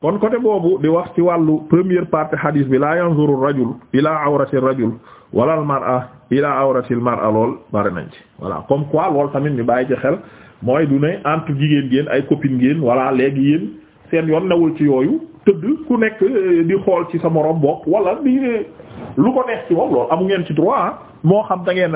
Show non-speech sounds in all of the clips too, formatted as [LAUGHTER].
kon côté boobu di wax ci wàllu première partie hadis bi la yanzuru rajul ila awrati rajul wala al mar'a ila awrati mar'a lool bari nañ ci voilà comme quoi loolu tamit ñu bàyyi ci xel mooy du ne entre jigéen ngeen ay copine ngeen walaa léegi yéen seen yoon newul ci yooyu tëdd ku nekk euh, di xool ci sa moroom bopp wala euh, lu ko neex ci moom loolu amu ngeen ci droit ah. moo xam da ngeen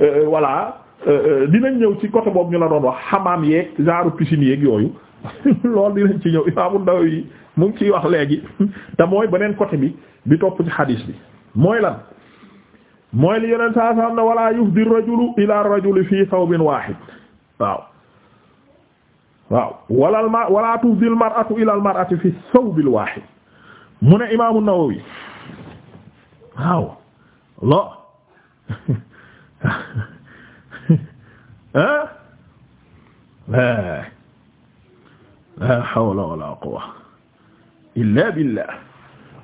euh, voilà dinañ ñëw ci côté boobu ñu la doon wax xamaam yeeg genre piscine yeeg yooyu [LAUGHS] loolu dinañ ci ñëw Imaamu Nawawi mu ngi ciy wax léegi [LAUGHS] te mooy beneen côté bi bi topp ci xadiis bi mooy lan mooy li yeneen saa saa wala yufdi rajulu ila rajuli fii thawbin wahid waaw waaw wala ma wala tufdi al mar'atu ila al mar'ati fi thawbil wahid mu ne Imaamu Nawawi waaw lo [LAUGHS] hein eh. la hawla wala quwwa illa billah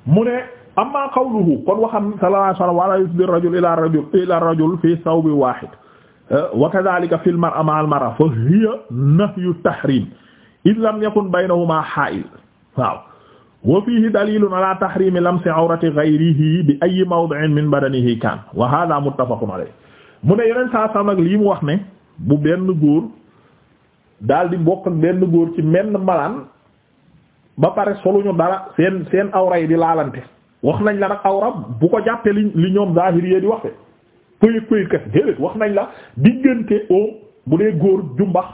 mu ne amma qawluhu kon waxam sallallahu alayhi wa sallam wala yusbi rajul ila rajul ila rajul fi thawbi wahid wa kadhalika fil mar'a ma'a al mar'a fa hiya nahyu tahrim id lam yakun baynahuma ha'il waaw wa fiihi daliilun ala tahrimi lamsi awrati ghayrihi bi ayyi mawdi'in min badanihi kaan wa haadha muttafaqun alayh mu ne yeneen saa sàmm ak lii mu wax ne bu benn góor daal di bokk ak benn góor ci menn malaan ba pare soluñu dara seen seen awra yi di laalante wax nañ la nag awra bu ko jàppee li li ñoom zahiri yee di waxe pëyit pëyit kat déedéet wax nañ la diggante oom bu dee góor jumbax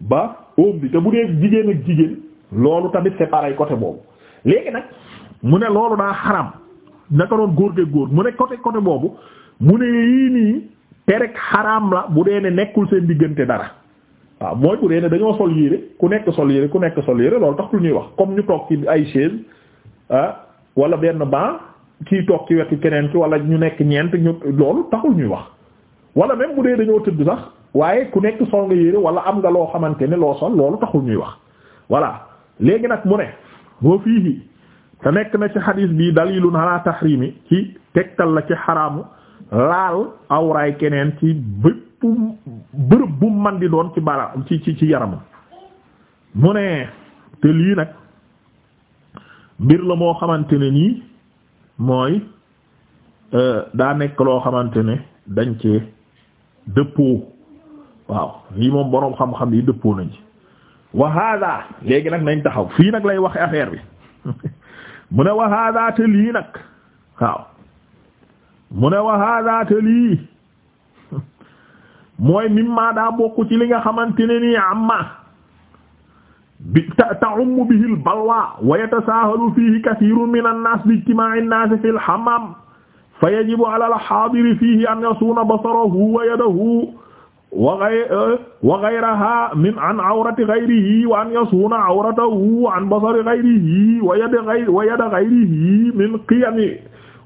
ba oom bi te bu dee jigéen ak jigéen loolu tamit c'est pareil côté boobu léegi nag mu ne loolu daa xaram naka doon góor geeg góor mu ne coté côté boobu mu ne yii nii terek xaram la bu dee ne nekkul seen diggante dara waaw mooy bu dee ne dañoo sol yére ku nekk sol yére ku nekk sol yére loolu tax lu ñuy wax comme ñu toog ci ay chaise walla ah, wala benn banc kii toog ci wetu keneen ki walla ñu nekk ñeent ñu loolu taxul ñuy wax wala même bu dee dañoo tëdd sax waaye ku nekk sol nga yére wala am nga loo xamante ne loo sol loolu taxul ñuy wax voilà léegi nag mu ne boo fii te nekk na ci xadiis bi naa ala tahrimi ci tegtal la ci xaraamu laal awraay keneen ci bërëb bu man di doon ci bara ci ci ci yaramam mu ne te lii nag mbir la moo xamante ne nii mooy euh, daa nekk loo xamante ne dañ ci dëppoo waaw lii moom boroom xam-xam yi dëppoo nañ ci wa léegi nag nañ taxaw fii nag lay waxe affaire bi [LAUGHS] mu ne wa hada te nag waaw mu ne wa hada te mooy mimma daa bokk ci li nga xamante ne nii amma bi ta ta'ummu bihi al-balwa wa yatasaahalu fihi kathiirun min an-naas bi ijtimaa'i an-naas fi al-hammaam fa yajibu 'ala al-haadiri fihi an yasuuna basarahu wa yadahu wa ghayrahaa min an 'awrati ghayrihi wa an yasuuna 'awratahu 'an basari ghayrihi wa yadi ghayrihi min qiyami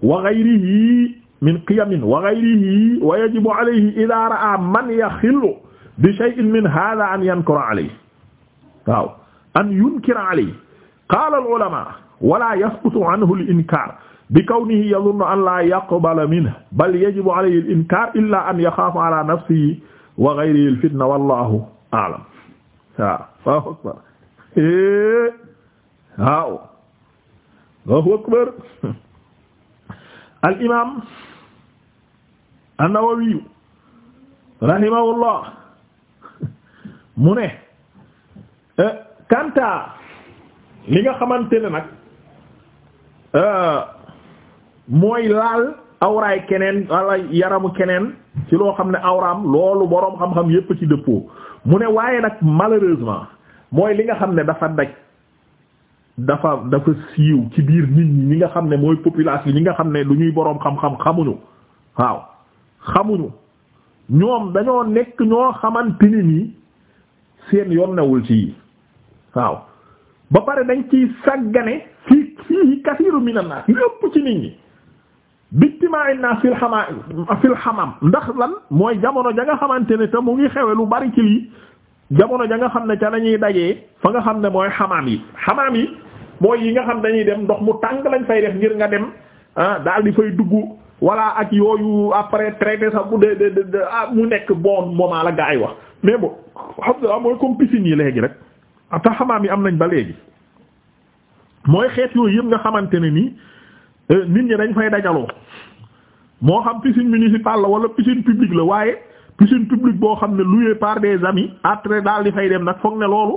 wa ghayrihi min qiyamin wa ghayrihi wa yajibu alayhi idha ra'a man yakhillu bi shay'in min hadha an yankura alayhi waaw an yunkira alayhi qala al ulama wala yasqutu anhu al inkar bi kawnihi yadhunnu an la yaqbala minhu bal yajibu alayhi al inkar illa an yakhafa ala nafsihi wa ghayrihi al fitna wallahu a'lam waaw waaw Allahu akbar eh. al [LAUGHS] imam an-Nawawi rahimahullah mu ne kanta euh, li nga xamante ne nag euh, mooy laal awraay keneen wala yaramu keneen ci loo xam ne awraam loolu boroom xam-xam yépp ci dëppoo mu ne waaye nag malheureusement mooy li nga xam ne dafa daj dafa dafa siiw ci biir nit ñi nga xam ne mooy population ñi nga xam ne lu ñuy boroom xam-xam xamuñu waaw xamuñu ñoom dañoo nekk ñoo xamante ni nii seen yoon newul ci yi waaw ba pare dañ ciy sàggane fii fii kasiiru minan naas lépp ci nit ñi bictimaa in naa fil xamaa fil xamam ndax lan mooy jamono ja nga xamante ne te mu ngi xewe lu bari ci jamono ja nga xam ne ca lañuy dajee fa nga xam ne mooy xamaam yi xamaam yi mooy yi nga xam dañuy dem ndox mu tàng lañ fay def ngir nga dem ah daal di fay dugg walla ak yooyu après traité sax bu dee de de ah, mu nekk bon moment la gaa wax mais bon xam nga mooy comme piscine yi léegi rek ata xamaam yi am nañ ba léegi mooy xeet yooyu yëpp nga xamante ne nii euh, nit ñi dañ fay dajaloo moo xam piscine municipale la wala piscine publique la waaye piscine publique boo xam ne loué par des amis après daal di fay dem nag foog ne loolu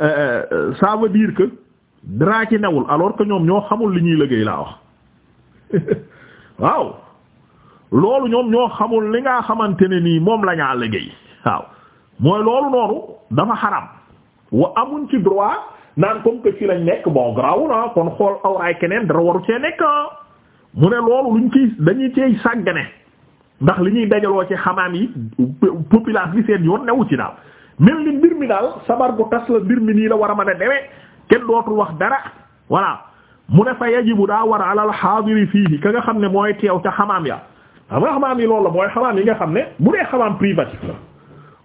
euh, euh, ça que dara ci newul alors que ñoom ñoo xamul li ñuy liggéey laa wax [LAUGHS] waaw loolu ñoom ñoo xamul li nga xamante ne nii moom la ñaa liggéey waaw mooy loolu noonu dafa xaram wo amuñ ci droit naan comme que ci lañ nekk bon garaawul ah kon xool ay keneen dara waru cee nekk ah. mu ne loolu luñ ciy dañuy cey sàggane ndax li ñuy dajaloo ci xamaam yi population bi seen yoon newu ci daal mel ni mbir mi daal sabar gu tas la mbir mi nii la war a mën a demee kenn dootul wax dara voilà mu ne fa yajibu daa war a alal xaadiri fii ka nga xam ne mooy teew ca xamaam ya xam nga xamaam yi loolu la mooy xamaam yi nga xam ne bu dee xamaam privatif la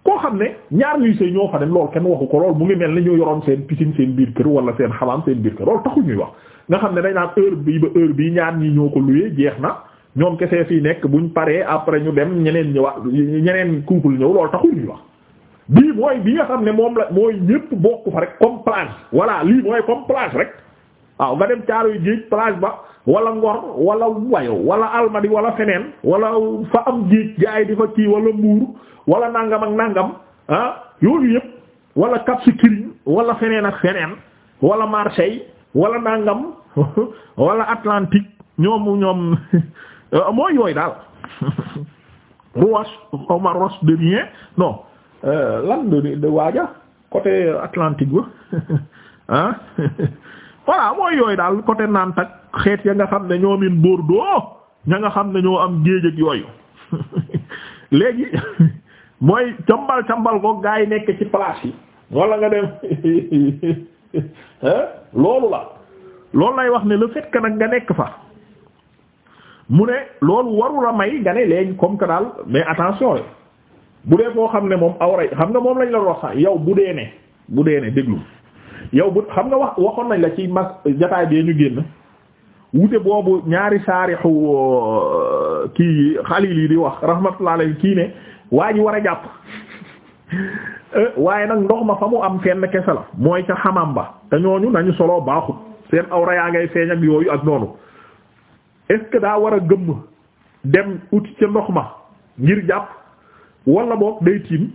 koo xam ne ñaar ñuy sëy ñoo fa dem loolu kenn waxu ko loolu mu ngi mel ni ñu yoroon seen piscine seen biir kër wala seen xamaam seen biir kër loolu taxul ñuy wax nga xam ne dañ naan heure bii ba heure bii ñaar ñi ñoo ko luyee jeex na ñoom kese fii nekk buñ paree après ñu dem ñeneen ñëwaat ñeneen couple ñëw loolu taxul ñuy wax bii mooy bi nga xam ne moom la mooy ñépp bokk rek comme plage lii mooy comme plage waaw nga dem caaroy géej plage ba wala ngor wala wayo wala almadi wala feneen wala fa am géej ga di fa kii wala mbuur wala nangam ak nangam ah yooyu yëpp wala Cap Skirring feneen ak feneen wala Marseille wala nangam [LAUGHS] wala Atlantique ñoom ñoom [LAUGHS] euh, mooy yooyu daal Rouas xawma Roche de rien non euh, lan de waaja côté Atlantique ba [LAUGHS] ah voilà mooy yooyu daal côté naan tak xeet ya nga xam ne ñoo min Bordeaux ña nga xam ne ñoo am géej ak yooyu [LAUGHS] léegi [LAUGHS] mooy cambal cambal ko gaa yi nekk ci place yi wala nga dem [LAUGHS] loolu la loolu lay wax ne le fait que nag nga nekk fa mu ne loolu warula may nga ne léegi comme que daal mais attention bu dee foo xam ne moom awra xam nga moom lañ la wax sax yow bu dee ne bu dee ne déglu yow bu xam nga wax waxoon nañ la ci mas jataay bee ñu génn wute boobu ñaari saarixu euh, kii xalil yi di wax rahmatullah alayhi kii ne waa ji war a jàpp [LAUGHS] euh, waaye nag ndox ma fa mu am fenn kese la mooy ca xamam ba te ñooñu nañu solo baaxut seen awra yaa ngay feeñ yooyu ak noonu est daa war a gëmm dem uti ca ndox ma ngir jàpp wala boog day tiim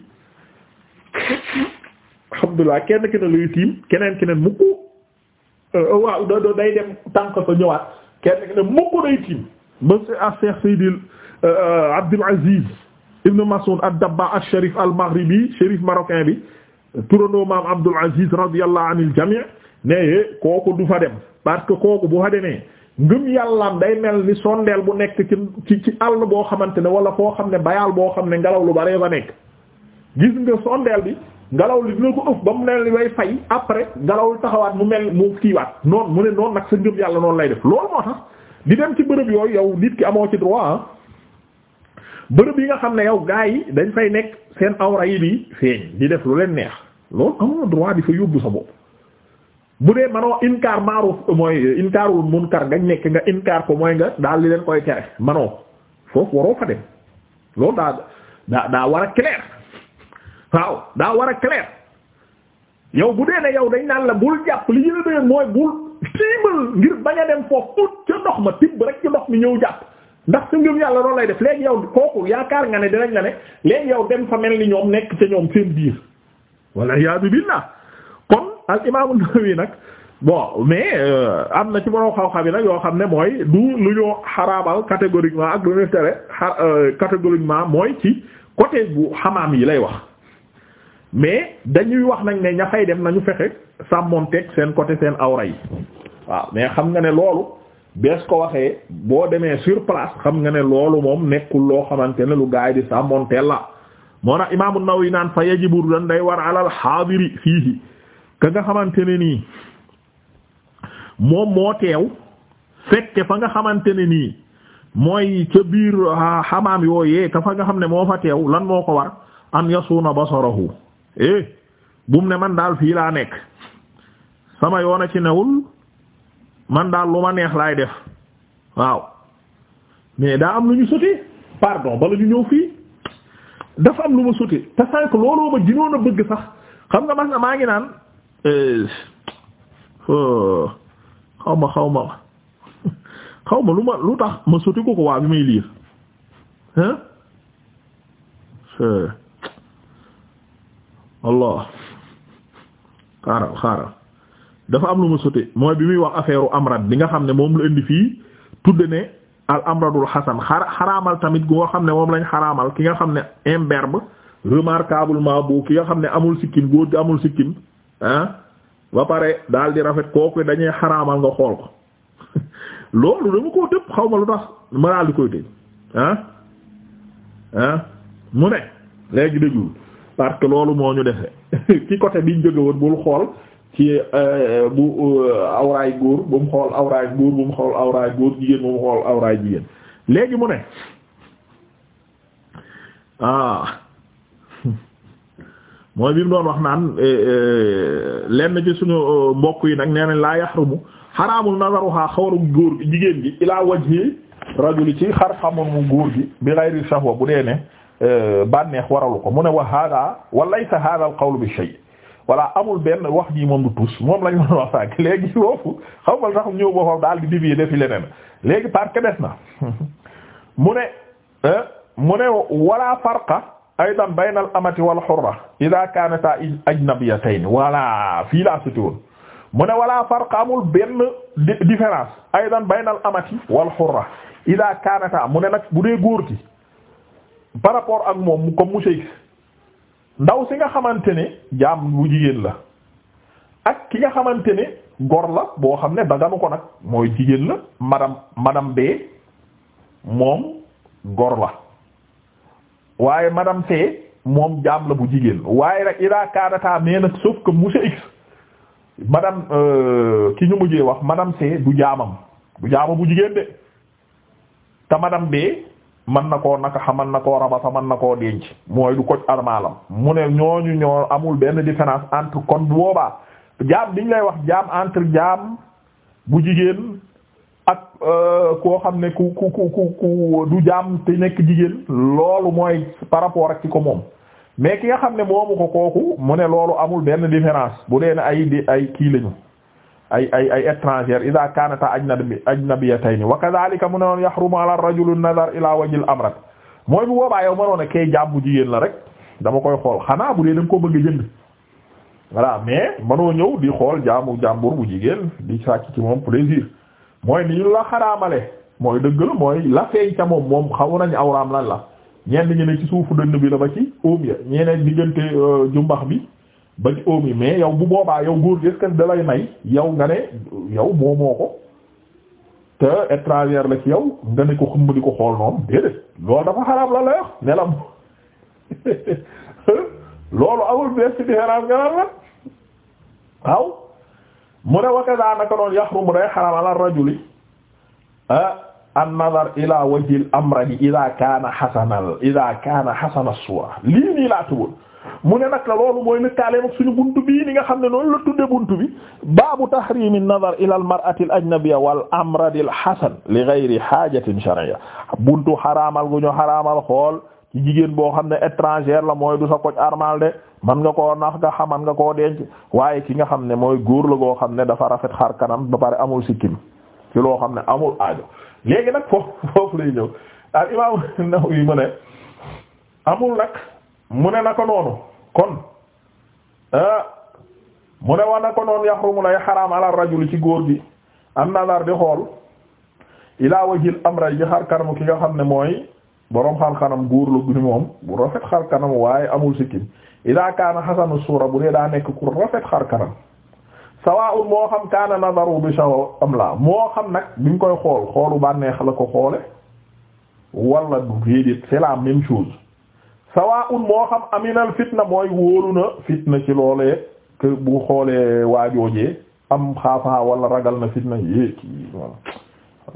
alhamdulilah kenn ki ne luy tiim keneen ki ne mukk euh, euh, waaw da day dem tànk sa ñëwaat kenn ki ne mukk day tiim monsieur Cheikh Seydi euh, Abdul Aziz ibn Mas'ud ad-Dabba al-Sharif bi turandoo maam Abdul Aziz radiyallahu anil jami' ne eh, kooku du fa dem parce que kooku bu fa demee ngëm yàllaam day mel ni sondeel bu nekk ci ci àll boo xamante ne wala foo xam ne bayaal boo xam ne ngelaw lu baree fa nekk gis nga sondeel bi ngelaw li dina ko ëf ba mu ne li way fay après ngelaw li taxawaat mu mel mu kiiwaat noonu mu ne noonu nag sa ngëm yàlla noonu lay def loolu moo tax di dem ci bërëb yooyu yow nit ki amoo ci droit ah bërëb yi nga xam ne yow gaa yi dañ fay nekk seen awra yi di feeñ di def lu leen neex loolu amoo droit di fa yóbbu sa bopp bu dee manoo inkaar maaruf mooy inkaarul munkar nga nekk nga inkaar ko mooy nga daal li leen koy tere man foofu waaw daa war a clair yow bu dee ne yow dañ naan la bul jàpp li ñu la mooy bul tiimal ngir bañ a dem foofu ut ca ndox ma tibb rek ci ndox mi ñëw jàpp ndax su ngëm yàlla loolu lay def léegi yow kooku yaakaar nga ne dinañ la ne léegi yow dem fa mel ni ñoom nekk ca ñoom seen biir walla iyaadu billaah kon al imaamu Nawawi nag bon mais euh, am na ci borom xaw-xaw yi nag yoo xam ne mooy du lu ñu xaraamal catégoriquement ak lu ñu tere euh, catégoriquement mooy ci côté bu xamaam yi lay wax mais dañuy wax nañ ne ña fay dem nañu fexe sàmmonteeg seen côté seen awra yi waaw mais xam nga ne loolu bees ko waxee boo demee sur place xam nga ne loolu moom nekkul loo xamante ne lu gaay di sàmmonteel la moo tax imaamu yi naan fa yajibu dan day war alal xaadiri fiihi ka nga xamante ne nii moom moo teew fekke fa nga xamante ne nii mooy ca biir ah, xamaam yooyee ka fa nga xam ne moo fa teew lan moo ko war an yasuuna basarahu eh bu ne man daal fii laa nekk sama yoon a ci newul man daal lu ma neex laay def waaw mais daa am lu ñu sotee pardon bala ñu ñëw fii dafa am lu ma sotee te sànq looloo ma gënoon a bëgg sax xam nga mas na maa ngi naan eh, xaw ma xaw ma [LAUGHS] xaw ma lu ma lu tax ma sotee ko ko waa bi may liir hein eh. allah xaaral xaaral dafa am lu ma sotee mooy bi muy wax affaire amrad bi nga xam ne moom la indi fii tudde ne al amradul hasan xara xaraamal tamit goo xam ne moom lañ xaraamal ki nga xam ne imberbe remarquablement bu ki nga xam ne amul sikkim góor gi amul sikkim ah ba pare daal di rafet kooku dañuy xaraamal nga xool ko [LAUGHS] loolu dama koo tëb xaw ma lu tax ma di koy tëj ah ah mu ne léegi déglu parce que loolu moo ñu defe [LAUGHS] ci côté biñ jóge woon bul xool ci euh, bu euh, awraay góor bu mu xool awraay góor xool awraay góor jigéen bu mu xool awraay jigéen léegi mu ne ah [LAUGHS] mooy bi mu doon wax naan eh, eh, lenn ci suñu euh, mbokk yi nag nee nañ laa yaxrumu xaraamul nazaruha xawaru góor jigéen gi ilaa wajhi rajuli ci xar xamoon mu góor gi bi gayri shahwa bu dee ne Euh, bànneex waralu ko mu ne wa hada wa laysa hada al qawl bi shay voilà amul benn wax ji moom du tus moom lañ mën a wax saak léegi foofu xaw ma sax ñëw ba foofu daal di dévier defi leneen léegi parce que des na [LAUGHS] mu ne euh, mu ne wala farqa aydan bayna al amati wal hurra idha kanata ajnabiyatayn voilà fii laa suti ne wala farqa amul benn différence aydan bayna amati wal hurra idha kanata mu ne nag bu dee góor par rapport ak moom comme mu sëy ndaw si nga xamante ne jaam bu jigéen la ak ki nga xamante ne gor la boo xam ne daganu ko nag mooy jigéen la madame madame B moom gor la waaye madame C moom jaam la bu jigéen waaye rek ida kaadataa mais nag sauf que monsieur X madame euh, ki ñu mujjee wax madame C du jaamam du jaama bu jigéen de te madame B man na koo nakaxa man na koo rabasa man na koo denc mooy du koj armalam mu ne ñooñu ñoo amul benn différence entre kon boobaa jaam diñ lay wax jaam entre jaam bu jigéen ak euh, koo xam ne ku ku ku du jaam te nekk jigéen loolu mooy par rapport ak ci ko moom mais ki nga xam ne moomu ko kooku mu ne loolu amul benn différence bu dee ne ay ay kii lañu ay ay ay étrangère ida aj ajnabi ajnabiyatayn wa kadhalika mu ne noon yahrumu ala ar-rajuli an-nazar ila wajhi al-amrat mooy bu boobaa yow mënoon a kay jàmbu jigéen la rek dama koy xool xanaa bu dee da nga ko bëgg a jënd voilà mais mënoo ñëw di xool jaamu jàmbur bu jigéen di sàcc ci moom plaisir mooy ni ñu la xaraamale mooy dëgg la mooy la feeñ ca moom moom xamu nañu awraam lan la ñenn ñi ne ci suufu dënn bi la ba ci óom ya ñeneen diggante euh, jumbax bi ba ci oom yi yow bu boobaa yow góor gi est may yow nga ne yow moomoo ko te étranger la ci yow nga ne ko xëmb di ko xool noonu déedéet loolu dafa xaraam la la wax ne la [LAUGHS] loolu amul bees ci différence nga la waaw mu ne waxee daa naka noonu yaxrumu day xaraam ala rajuli ah, an nazar ila wajhil amrani ida kaana xasanal ida kaana xasana suwa lii nii laa tëboon mu ne nag la loolu mooy lëkkaaleem ak suñu bunt bii ni nga xam ne noonu la tudde buntu bi baabu tahrimi nadar ila al mar'ati al ajnabiyya wal amradi al hasan li ghayri haajatin shar'iyya buntu xaraamal gu ñu xaraamal xool ci jigéen boo xam ne étrangère la mooy du sa koc armal de man nga koo nax nga xaman nga koo denc waaye ki nga xam ne mooy góor la goo xam ne dafa rafet xar kanam ba pare amul sikkim ci loo xam ne amul aajo léegi nag foofu [LAUGHS] foofu lay ñëw al imam Nawawi mu ne amul mu ne na ko noonu kon ah, mu ne war na ko noonu yaxrumu lay xaraam ala rajul ci góor gi am nazar di xool ilaa wajil amra ji xar kanamu ki nga xam ne mooy boroom xar kanam góor la gu moom bu rafet xar kanam waaye amul sikkim ilaa kaana xasanu suura bu dee daa nekk ku rafet xar kanam sawaa'un moo xam kaana nazaru bi shaw am la moo xam nag bi ñu koy xool xoolu bànneex la ko xoole wala du déedéet c'est la même chose sawaa'un moo xam aminal fitna mooy wóoru na fitna ci loolee que bu xoolee waajoojee am xaafaa wala ragal na fitna yee kii moom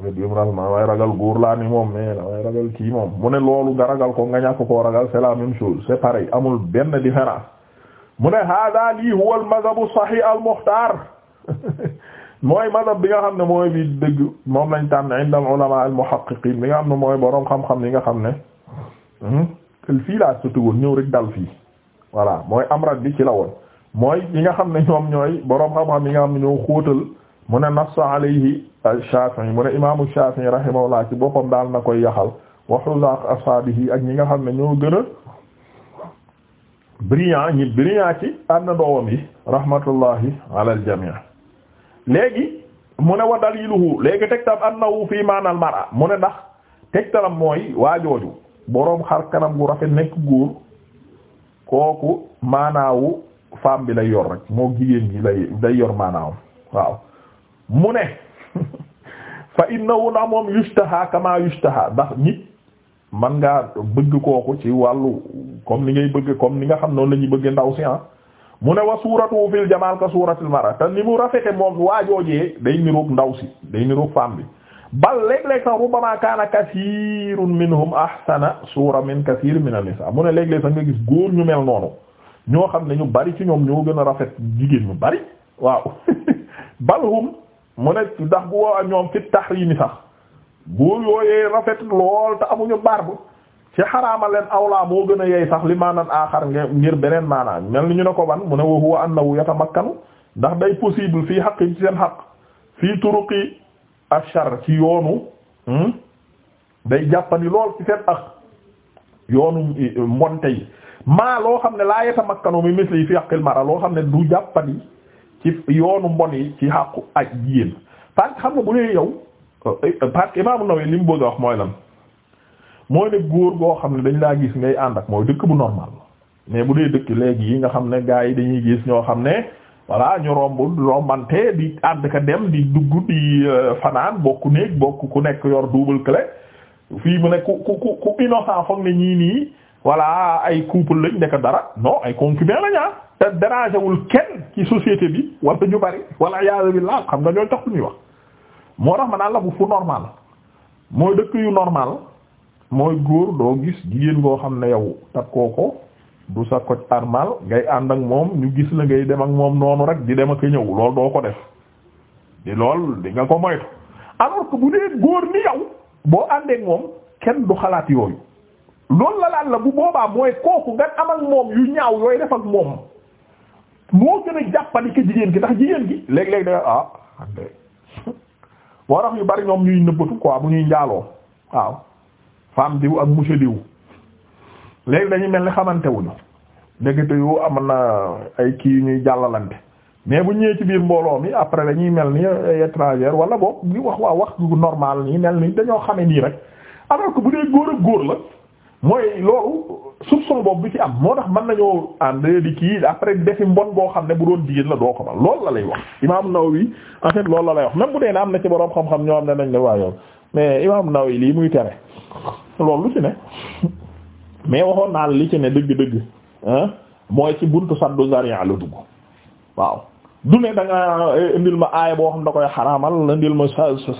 nga dim ral ragal góor laa ni moom mais la ragal kii moom mu ne loolu nga ragal ko nga ñàkk koo ragal c'est la même chose c'est amul benn différence mu ne hada lii huwa al madhabu sahih al mukhtar [LAUGHS] mooy madhab bi nga xam ne mooy bi dëgg moom lañ tànn inda al ulama bi nga xam ne mooy boroom xam-xam yi nga xam ne hmm? fii laa sotti woon ñëw rek dal fii voilà mooy amrat bi ci la woon mooy yi nga xam ne ñoom ñooy boroom xam-xam yi nga xam ne ñoo xóotal mu ne nassa alayhi Shafi'i mu ne imaamu Shafi'i rahimahullah ci boppam daal na koy yaxal waxuzaaq ashabihi ak ñi nga xam ne ñoo gën a brillant ñi brillant ci am na yi rahmatullahi ala al jami' léegi mu ne wa daliluhu léegi tegtalam annahu fii maanaal mar'a mu ne ndax tegtalam mooy waajooju boroom xar kanam wu rafet nekk góor kooku maanaawu femme bi lay yor rek moo jigéen gi lay day yor maanaawam waaw mu ne [LAUGHS] fa innahu ndax moom yushtaha kama yushtaha ndax nit man ngaa bëgg kooku ci wàllu comme ni ngay bëgg comme ni nga xam noonu la ñuy bëgg ndaw si ah mu ne wa suuratu fil jamaal ka suuratil mara te ni mu rafete moom waajoojee day niroog ndaw si day niroog femme bi bal léeg-léeg sax rubbama kaana kasiirun minhum ahsana suura min kasiir min an-nisaa mu ne léeg-léeg sax nga gis góor ñu mel noonu ñoo xam ne ñu bari ci ñoom ñoo gën a rafet jigéen ñu bari waaw [LAUGHS] balhum mu ne ndax bu woo ñoom ci tahriimi sax góor yooyee rafet lool te amuñu barbu ci xaraama leen awlaa moo gën a yey sax li maanaan aaxar ngir beneen maanaam mel ni ñu ne ko ban mu ne wa huwa annahu yatamakkanu ndax day possible fii xaq ci seen achar ci yoonu hmm, day jàppani lool ci seen ak yoonu eh, mbonte yi maa loo xam ne laa yatamakkanu mi misli fi haqqil mara loo xam ne du jàppani ci yoonu mbon yi ci xàqu ak jigéen parce xam nga bu nee yow eh, parce Imam Nawawi li mu bëgg a wax mooy lan mooy ne góor goo xam ne dañ laa gis ngay ànd ak mooy dëkk bu normal mais bu dee dëkk léegi yi nga xam ne gaa yi dañuy gis ñoo xam ne voilà ñu romb rombante di ànd ka dem di dugg di euh, fanaan bokk néeg bokk ku nekk yor double clé fii mu nekk ku ku ku foog ne ñii nii voilà ay couple lañ nekk dara non ay concubin lañ ah te déranger kenn ci société bi wala ñu bari wala yalla billah xam nga ñoo tax lu ñuy wax moo tax ma naan la fu normal mooy dëkk yu normal mooy góor doo gis jigéen goo xam ne yow takkoo du sa koc armal ngay ànd ak moom ñu gis la ngay dem ak moom noonu rek di dem ak ñëw lool doo ko def di lool di nga ko moytu alors que bu dee góor ni yow boo àndeek moom kenn du xalaat yooyu loolu la laal la bu boobaa mooy kooku nga am ak moom yu ñaaw yooyu def ak moom moo gën a jàppandi ki jigéen ki ndax jigéen gi léeg-léeg da ah ande [LAUGHS] yu bari ñoom ñuy nëbbatu quoi bu ñuy njaaloo waaw femme diw ak monsieur diw léegi dañuy mel ni xamante wuñu ndekete yu am na ay kii ñuy jàllalante mais bu ñëwee ci biir mbooloo mi après dañuy mel ni étranger wala boog ñu wax waa wax gu normal nii mel ni dañoo xame nii rek alors que bu dee góor ak góor la mooy loolu soupçon boobu bi ci am moo tax mën nañoo ànd di kii après defi mbon boo xam ne bu doon jigéen la doo ko ba loolu la lay wax imaam Nawawi en fait loolu la lay wax même bu dee na am na ci boroom xam-xam ñoo am ne nañ la waa yoon mais imaam Nawawi lii muy tere loolu mais waxoon naa li ci ne dëgg-dëgg mooy ci buntu saddu zari'a la dugg waaw du ne da nga eh, indil ma aaya boo xam da ma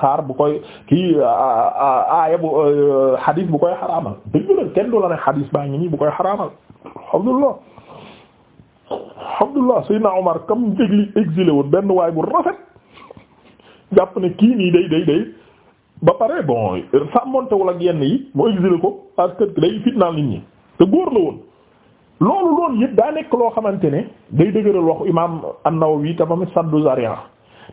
saar bu koy kii aaya bu hadith euh, bu koy xaraamal dëgg la kenn du ne hadith baa ngi nii bu koy xaraamal alhamdulillah alhamdulillah Seydina kam jégli exilé benn waay bu rafet jàpp ne kii nii day day ba pare bon sàmmontewul ak yenn yi mu exilé ko parce que day fitnaal nit ñi te góor la woon loolu loolu yëpp daa nekk loo xamante ne day dëgëral waxu imaam an-Nawawi te ba mu saddu zaria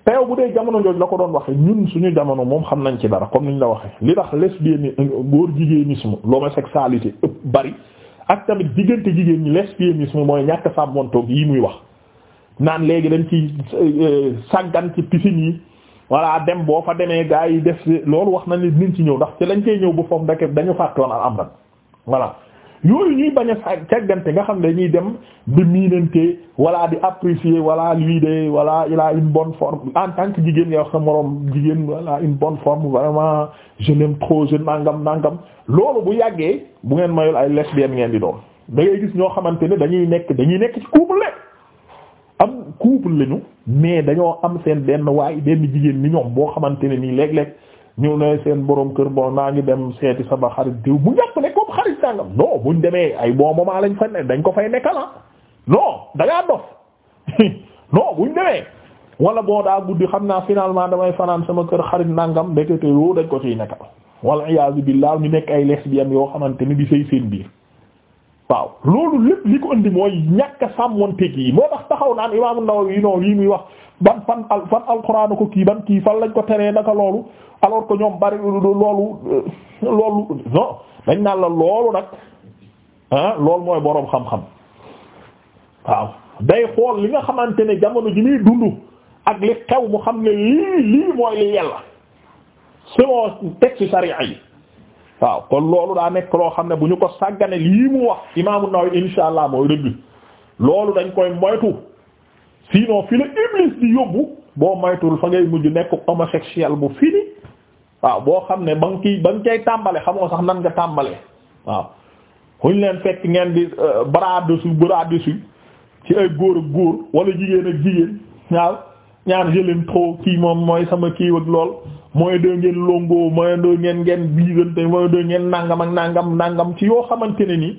te bu dee jamono jooj la ko doon waxe ñun suñu jamono moom xam nañ ci dara comme niñ la waxe li tax lesbienne góor jigéenisme l'homosexualité ëpp bari ak tamit diggante jigéen ñi lesbianisme mooy ñàkk sàmmontoog yi muy wax naan léegi dañ ci euh, sàggan ci piscine yi voilà dem boo fa demee gaa yi def loolu wax na ni nin ci ñëw ndax ci lañ koy ñëw ba foofu ndeke dañu fàttoon al amran voilà yooyu ñuy bañ a càggante nga xam ne ñuy dem di miinante wala di apprécier wala lui de wala il a une bonne forme en tant jigéen nga wax na moroom jigéen voilà une bonne forme vraiment je l'aime trop je nangam nangam loolu bu yàggee bu ngeen mayul ay lesbiennes ngeen di doom da gis ñoo xamante ne dañuy nekk dañuy nekk am couple lañu mais dañoo am seen benn waay benn jigéen ni ñoom boo xamante ne nii léeg-léeg ñu ne seen borom kër bon naa ngi dem seeti sama xarit diw bu jàpp ne sàngam non demee ay bon lañ fa ne dañ ko fay nekkal ah non da ngaa dof [LAUGHS] non buñ demee wala boo daa guddi xam naa finalement damay fanaan sama kër xarit nangam ndekete yoo dañ ko ciy nekkal wala iyaazu billaah ñu nekk ay lesbiennes yoo xamante ni di sëy seen biir. waaw loolu lépp li ko indi mooy ñàkk a sàmmonteeg yi moo tax taxaw naan imaamu Nawawi non lii muy wax ban fan al fan alxuraan ko kii ban kii fan lañ ko teree naka loolu alors que ñoom bari loolu euh, loolu non dañ naan la loolu nag ah loolu mooy boroom xam-xam waaw day xool li nga xamante ne jamono ji muy dund ak li xew mu xam ne lii lii mooy li yella selon texte sharia yi. waaw kon loolu daa nekk loo xam ne bu ñu ko sàggane lii mu wax imaamu Nawawi insha allah mooy dëgg loolu dañ koy moytu sinon fi la iblis di yóbbu boo moytul fa ngay mujj nekk homosexuel bu fini waaw boo xam ne ba nga kiy ba nga koy tàmbale xamoo sax nan nga tàmbale waaw xuñ leen fekk ngeen di euh, bras dessus bras dessus ci ay góor ak góor wala jigéen ak jigéen ñaaw ñaar jëleen trop kii moom mooy sama kii ak lool mooy doo ngeen longo mooy doo ngeen ngeen biigante mooy doo nangam ak nangam nangam ci yoo xamante ne nii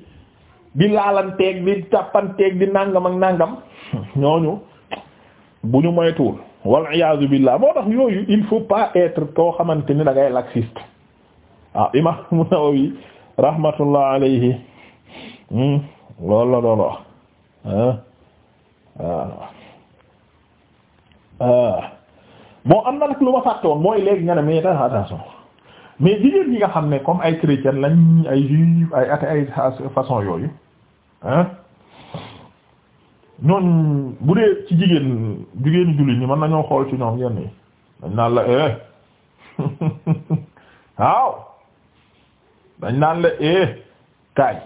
di laalanteeg di tàppanteeg di nangam ak nangam [LAUGHS] ñooñu bu ñu moytuwul wal iyaazu billah moo tax yooyu il faut pas être koo xamante ni da ngay laxiste waaw ah, imam Nawawi rahmatullah alayhi hmm, loolu la doon wax ah waaw Ah. bon am na nag lu ma fàtte woon mooy léegi nga ne mais attention mais jigéen ñi nga xam ne comme ay chrétien lañ ay juif ay athée façon yooyu ah ñooñ bu dee ci jigéen jigéenu jullit ñi man nañoo xool ci ñoom yenn yi dañ naan la eh [LAUGHS] waaw dañ naan la eh kaay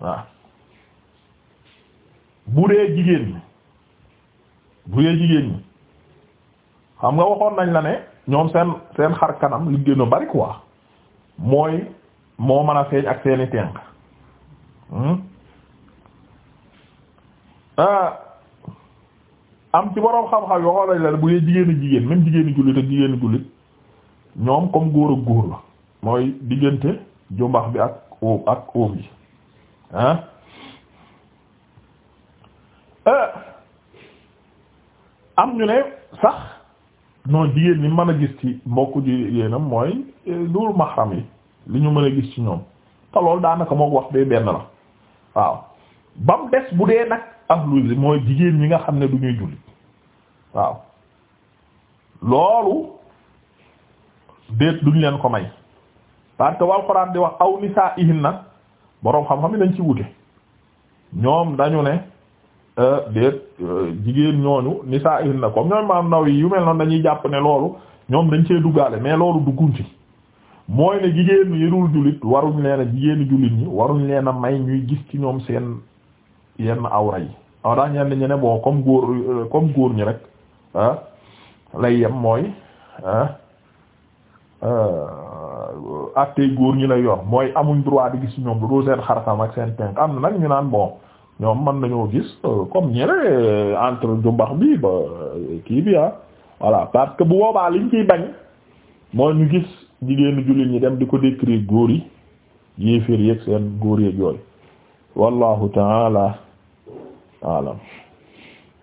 waaw bu dee jigéen bu dee jigéen ñi xam nga waxoon nañ la ne ñoom seen seen xar kanam li gën a bari mooy moo mën a feeñ ak seeni tenk hmm? ah, am ci boroom xam-xam yoo xam ne la bu dee jigéenu jigéen même jigéenu jullit ak jigéenu jullit ñoom comme góor ak góor la mooy diggante jumbax bi ak óob ak óob yi ah. ah am ñu ne sax non jigéen ñi mën a gis ci mbokk mbokku jigéenam mooy loolu euh, maxram yi lu ñu mën a gis ci ñoom te loolu daanaka moo wax bee benn la waaw ba mu des bu dee nag ahlu mooy jigéen ñi nga xam ne du ñuy julli waaw loolu déet duñ leen ko may parce que di wax aw nisaa ihin na boroom xam-xam yi dañ ci wute ñoom dañu ne. Euh, déet euh, jigéen ñooñu nisaa in na comme ñoom maam naw yi yu mel noonu dañuy jàpp ne loolu ñoom dañ cee duggaale mais loolu dugguñ ci mooy ne jigéen yi dul jullit waruñ leen a jigéenu jullit ñi waruñ leen a may ñuy gis ci ñoom seen yenn awra yi aw daa ñenn ñi ne bon comme góor euh, comme góor ñi rek ah lay yem mooy ah attey góor ñi lay yor mooy amuñ droit di gis ñoom lu dul seen xarxam ak seen penk am na nag ñu naan bon ñoom man nañoo gis euh, comme ñëre euh, entre jumbax bi euh, kii bi ah voilà parce que bu boobaa liñ ciy bañ mooy ñu gis jigéenu jullit ñi dem di ko décrire góor yi yéeféer yeeg seen góor yeeg yooyu wallahu taala alam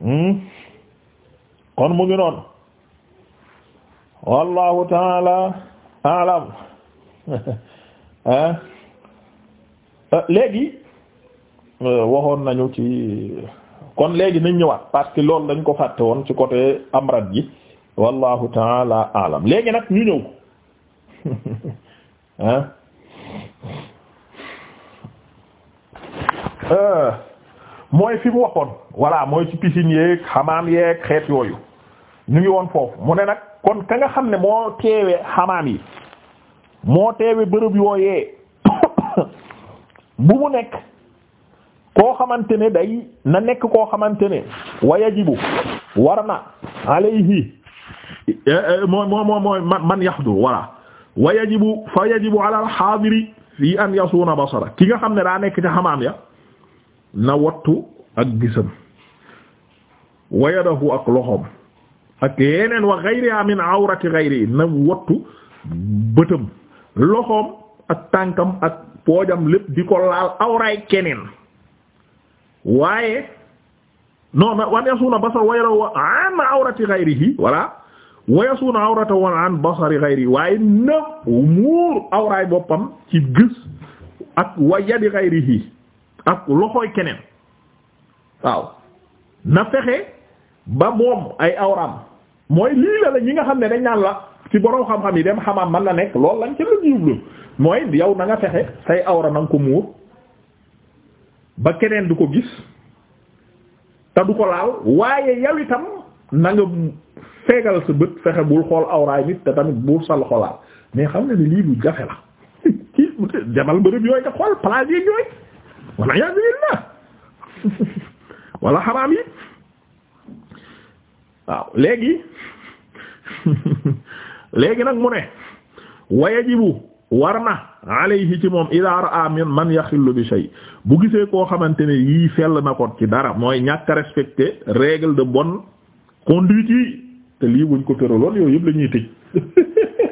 hmm? kon mu ngi noonu wallahu taala alam [LAUGHS] eh? Eh, léegi Euh, waxoon nañu ci kon léegi nañ ñëwaat parce que loolu dañ ko fàtte woon ci côté amrat ji wallahu taala alam léegi nag ñu ñëw ah [LAUGHS] mooy fi mu waxoon voilà mooy ci piscine yeeg xamaam yeeg xeet yooyu ñu ngi woon foofu mu ne nag kon ka nga xam ne moo teewe xamaam yi moo teewe bërëb yooyee [COUGHS] bu mu nekk koo xamante ne day na nekk koo xamante ne wa yajibu war na alayhi eh, eh, mooy mooy mooy mooy man man yaxdur voilà wa yajibu fa yajibu ala alxaadiri fii an yasuuna basara ki nga xam ne daa nekk ca xamaam ya na wattu ak gisam wa yadahu ak loxoom ak yeneen wa ghayriha min awrati ghayri na wattu bëtam loxoom ak tànkam ak poojam lépp di ko laal awraay keneen waaye non na wan na basar wa yaraw an awrati ghayrihi wala wa yasuuna awrata wan an basari ghayrihi waaye na muur awraay boppam ci gis ak wa yadi ghayrihi ak loxooy keneen waaw na fexe ba moom ay awraam mooy lii la la ñi nga xam ne dañ naan la ci boroom xam-xam yi dem xamaam man la nekk lool lañ ca la mooy yow na nga fexe say awra na nga ko muur ba keneen du ko gis te du ko laal waaye yow itam na nga feegal sa bët fexe bul xool awraay nit te tamit bul sal xolaal mais xam ne ni lii lu jafe la [LAUGHS] kii demal bërëb yooyu nga xool place yeeg yooyu wala yaa billah [LAUGHS] wala xaraam yi waaw léegi [LAUGHS] léegi nag mu ne wayajibu war na alayhi ci moom idaa raa min man yaxillu bi shay bu gisee koo xamante ni yii fel na ko ci dara mooy ñàkk a respecté règle de bonne conduite yi te lii buñ ko tëraloon yooyu yëpp la ñuy tëj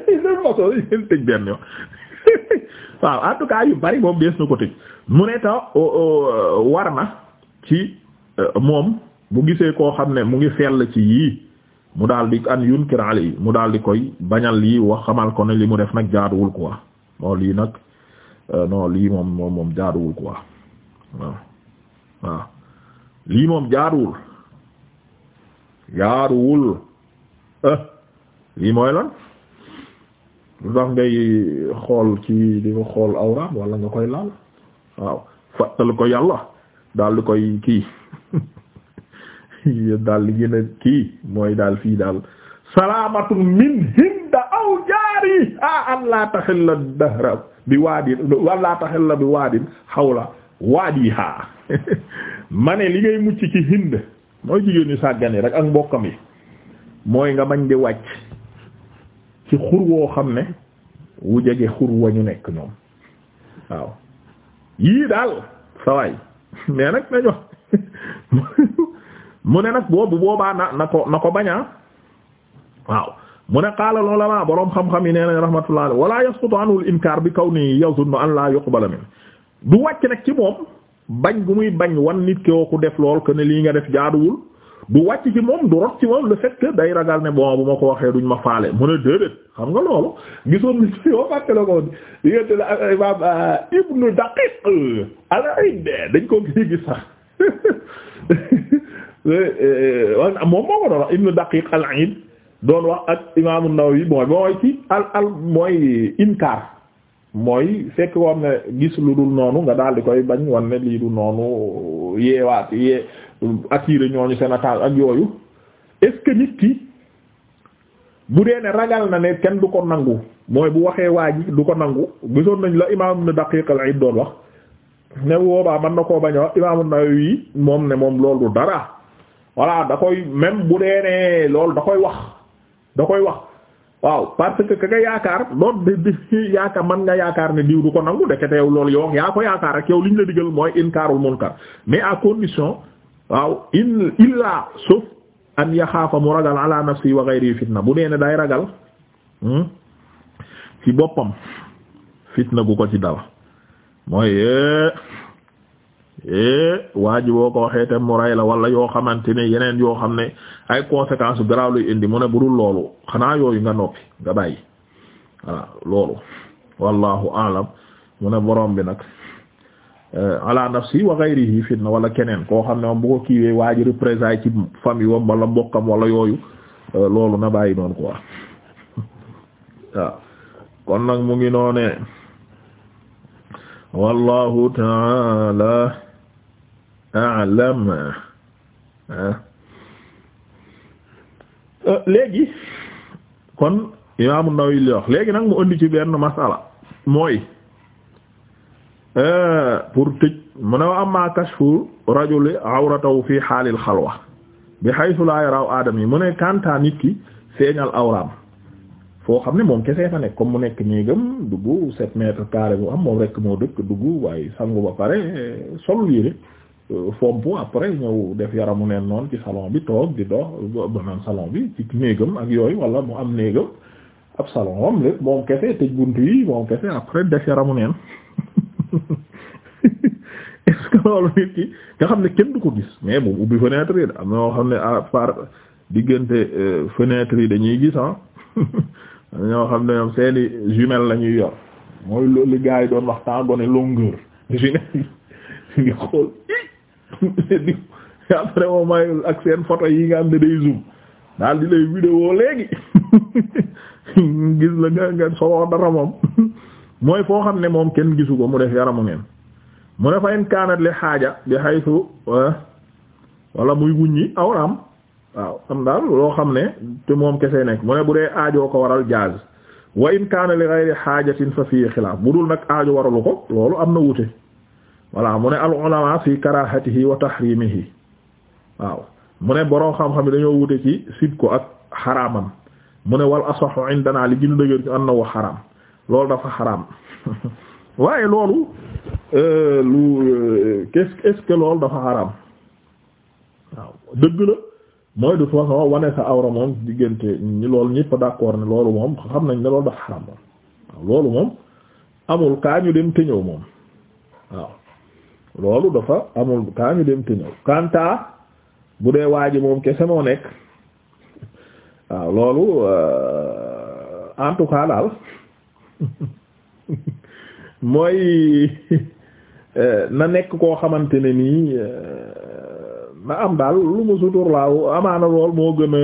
de façon yéen tëj benn yoon [LAUGHS] waaw en yu bari moom dees na ko tëj mu ne ta war na ci euh, moom bu gisee koo xam ne mu ngi fell ci yii mu daal di an yunkir yi mu daal di koy bañal yi wax xamal ko ne li mu def nag jaaduwul quoi non lii nag euh, non lii moom moom moom jaaduwul quoi waaw waaw lii moom jaaduwul jaaduwul lii mooy lan lu tax ngay xool ci di ko xool awraam wala nga koy laal waaw fàttal ko yàlla daal di koy kii [LAUGHS] daal di gën a kii mooy daal fii daal salamatun min hinda aw ja jaari ah an laa taxilla bi waadin an laa taxilla bi waadin xawla waadiha [LAUGHS] ma ne li ngay mucc ci hind mooy jigéen ñu sàggane rek ak mbokkam yi mooy nga bañ di wàcc ci xur woo xam ne wu jege xur wa ñu nekk ñoom waaw yii daal sawaay mais nag nañu [LAUGHS] mu ne nag boobu boobaa na na ko na ko bañaa waaw mu ne qaala al-ulamaa boroom xam-xam yi nee nañ rahmatullah wala yasqutu anhu al-inkaar bi kawni yazunnu an laa yuqbala min du wàcc nag ci moom bañ gu muy bañ wan nit ki ku def lool que ne lii nga def jaaduwul du wàcc ci moom du rot ci moom le fait day ragal ne bon bu ma ko waxee duñ ma faale mu ne déedéet xam nga loolu gisoon ni si yoo fàtte la ko ibnu daqiq al-iid dañ koo ngi gis sax [LAUGHS] eh, eh, eh, moom moo ko doon ibnu daqiq al doon wax ak imaamu yi mooy mooy ci al al mooy inkaar mooy fekk ko am ne gis lu dul noonu nga daal koy bañ wan ne lii du noonu yeewaat yee attiré ñooñu seen ak yooyu est-ce que bu dee ne ragal na ne kenn du ko nangu mooy bu waxee waa ji du ko nangu gisoon nañ la imaam na Daqiq la iid doon wax ne boobaa mën na koo bañ a wax imaamu Nawawi moom ne moom loolu dara voilà da koy même bu dee ne loolu da koy wax. da koy wax waaw parce que ka nga yaakaar loolu bi yaakaar man nga yaakaar ne diw du ko nangu ndekete yow loolu yow yaa ko yaakaar rek yow li ñu la digal mooy inkaarul munkar mais à condition waaw in illa sauf an yaxaafa mu ragal ala nafsi wa ghayri fitna bu nee ne ragal hmm, ci boppam fitna gu ko ci dal mooy eh, Eh, waa ji boo ko waxee tam mu ray la wala yoo xamante ne yeneen yoo xam ne ay conséquences graves lay indi mu ne budul loolu xanaa yooyu nga noppi nga bàyyi voilà loolu wallahu alam mu ne borom bi nag eh, ala nafsi wa ghayrihi fitna wala keneen koo xam ne moom bu ko kiiwee waa ji représailles ci famille wam wala mbokkam walla yooyu eh, loolu na bàyyi doon ko [LAUGHS] waaw kon nag mu ngi noone wallahu taala a'lam ah. euh, léegi kon imaamu Nawawi li wax léegi nag mu indi ci benn masala mooy euh, pour tëj mu ne wa amma kashfu rajuli awratahu fi xaalil xalwa bi haythu la yaraw aadam yi mu ne kanta nit ki feeñal awraam foo xam ne moom kese fa nekk comme mu nekk néegam dugg sept mètres carrés bu am moom rek moo dëkk dugg waaye sangu ba pare solul yére fomp après ñëw def yaramu neen noonu ci salon bi toog di dox banaan salon bi ci néegam ak yooyu wala mu am néegam ab salon moom lépp moom kese tëj bunt yi moom kese après def yaramu neen [LAUGHS] est-ce nit ki nga xam ne kenn du ko gis mais bu ubbi fenêtre da am ñoo xam ne à part diggante euh, fenêtre yi dañuy gis ah [LAUGHS] ñoo xam ne la ñuy yor mooy loolu gars yi doon wax temps gone longueur [LAUGHS] jumelle nga xool [LAUGHS] après moom mayul ak seen photo yi nga am ne day zoom daal di lay vidéo léegi [LAUGHS] gis la nga nga soloo dara moom [LAUGHS] mooy foo xam ne moom kenn gisu ko mu def yaramu neen mu ne fa in kaanat li xaaja bi haythu eh, wala muy wuññi awraam waaw am daal loo xam ne te moom kese nekk mu ne bu dee aajoo ko waral jaaz wa in kaana li ghayri xaajatin fa fii xilaaf bu dul nag aajo waralu ko loolu am na wute voilà mu ne al ulama fi karahatihi wa waaw mu ne boroom xam-xam yi dañoo wute ci sib ko ak xaraamam mu ne wal asahu indana li gën a dëgër ci annahu xaraam loolu dafa xaraam [LAUGHS] waaye loolu euh, lu euh, est-ce que loolu dafa xaraam waaw dëgg la mooy de toute wane sa awra moom diggante ñi loolu ñëpp d'accord ne loolu moom xam nañ ne loolu dafa xaraam moom loolu moom amul kaa ñu dem te moom waaw loolu dafa amul kaa ñu dem te ñëw kanta bu dee waa ji moom kese moo nekk waaw loolu euh, en tout cas daal [LAUGHS] mooy [LAUGHS] euh, na nekk koo xamante ne nii euh, na am daal lu mu sutur laaw amaana lool moo gën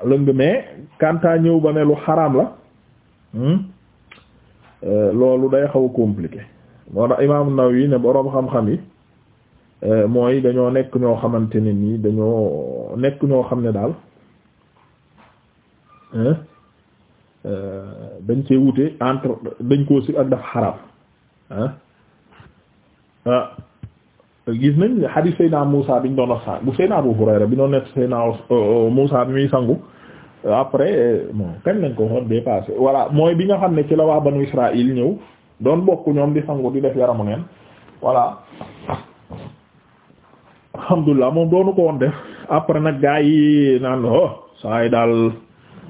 a lëng mais kanta ñëw ba ne lu xaraam la hmm? loolu day xaw a moo tax imaam Nawawi ne boroom xam-xam yi eh, mooy dañoo nekk ñoo xamante ne nii dañoo nekk ñoo xam ne daal eh, eh, dañ cee wute entre dañ koo si ak dafa xaraam ah gis nañ hadith Seydina Muusa biñ doon wax sànq bu Seydina Abu Hurayra bi noo nekk Seydina Muusa bi muy sangu après bon kañ nañ ko xool dépassé voilà mooy bi nga xam ne ci la waa banu Israël ñëw doon bokk ñoom di sangu di def yaramu neen voilà alhamdulilah moom doonu ko woon def après nag gaa yi naan oh saa yi daal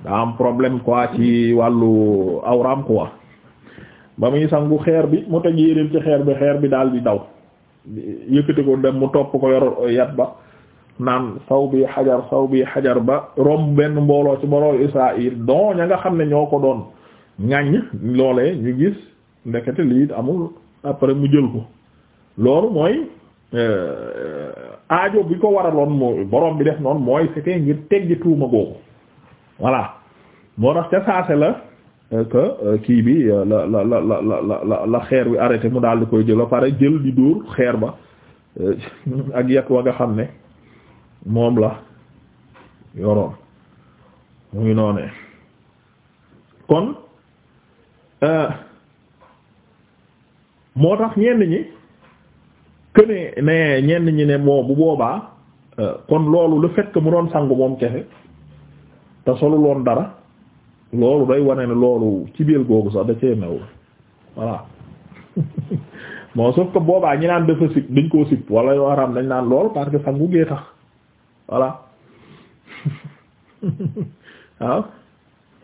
daa am problème quoi ci wàllu awraam quoi ba muy sangu xeer bi mu teg yéreem ci xeer bi xeer bi daal di daw yëkkati ko dem mu topp ko yor yat ba naan saw bi xajar saw bi xajar ba romb benn mbooloo ci mbooloo Israël doo ña nga xam ne ñoo ko doon ŋaññ loolee ñu gis ndekete lii amul après mu jël ko loolu mooy euh, aajo bi ko waraloon moo borom bi def noonu mooy c'était ngir teggi tuuma googu voilà moo tax ca saase la euh, euh, kii bi la la la la la xeer bi arrêté mu daal di koy jël ba pare jël di dóor xeer ba [LAUGHS] ak yat wa nga xam ne moom la yoroon mu ngi noonee kon. moo tax ñenn ñi que ne ne ñenn ñi ne moo bu boobaa euh, kon loolu le fait mu doon sangu moom kese te solu loon dara loolu day wane ne loolu ci biir googu sax da cee mew voilà moo [LAUGHS] sauf que boobaa ñi naan dafa sip dañ koo sip wala yoo xam dañ naan lool parce que sangu gee tax voilà [LAUGHS] waaw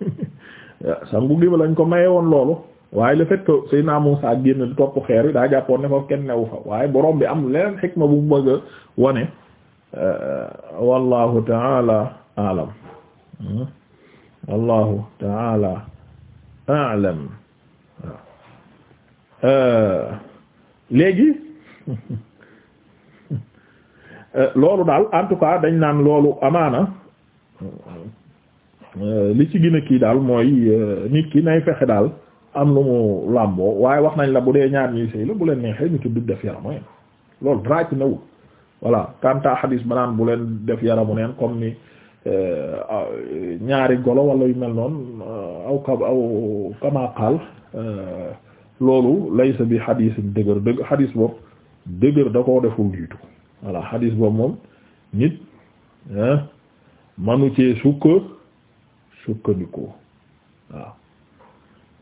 [LAUGHS] sangu gi ba lañ ko maye woon loolu waaye le fait que Seydina Muusaa génn di topp xeer wi daa jàppoon ne foofu kenn newu fa waaye boroom bi am leneen xikma bu bëgg a wane euh, wallahu taala alam hmm? wallahu euh, léegi [LAUGHS] euh, loolu daal en tout cas dañ naan loolu amaana li ci gën kii daal mooy nit ki nay fexe daal am lu mu làmboo waaye wax nañ la bu dee ñaar ñuy sëy la bu leen neexee ñu tudd def yaramu neen loolu drac nawul voilà kanta xadiis ba naan bu leen def yaramu neen comme ni euh, ñaari golo walla yu mel noonu euh, aw ka aw kamaaqal euh, loolu laysa bi xadiis dëgër dëgg xadiis boobu dëgër da koo deful jiitu voilà xadiis boobu moom nit manu ci sukk sukkandiku waaw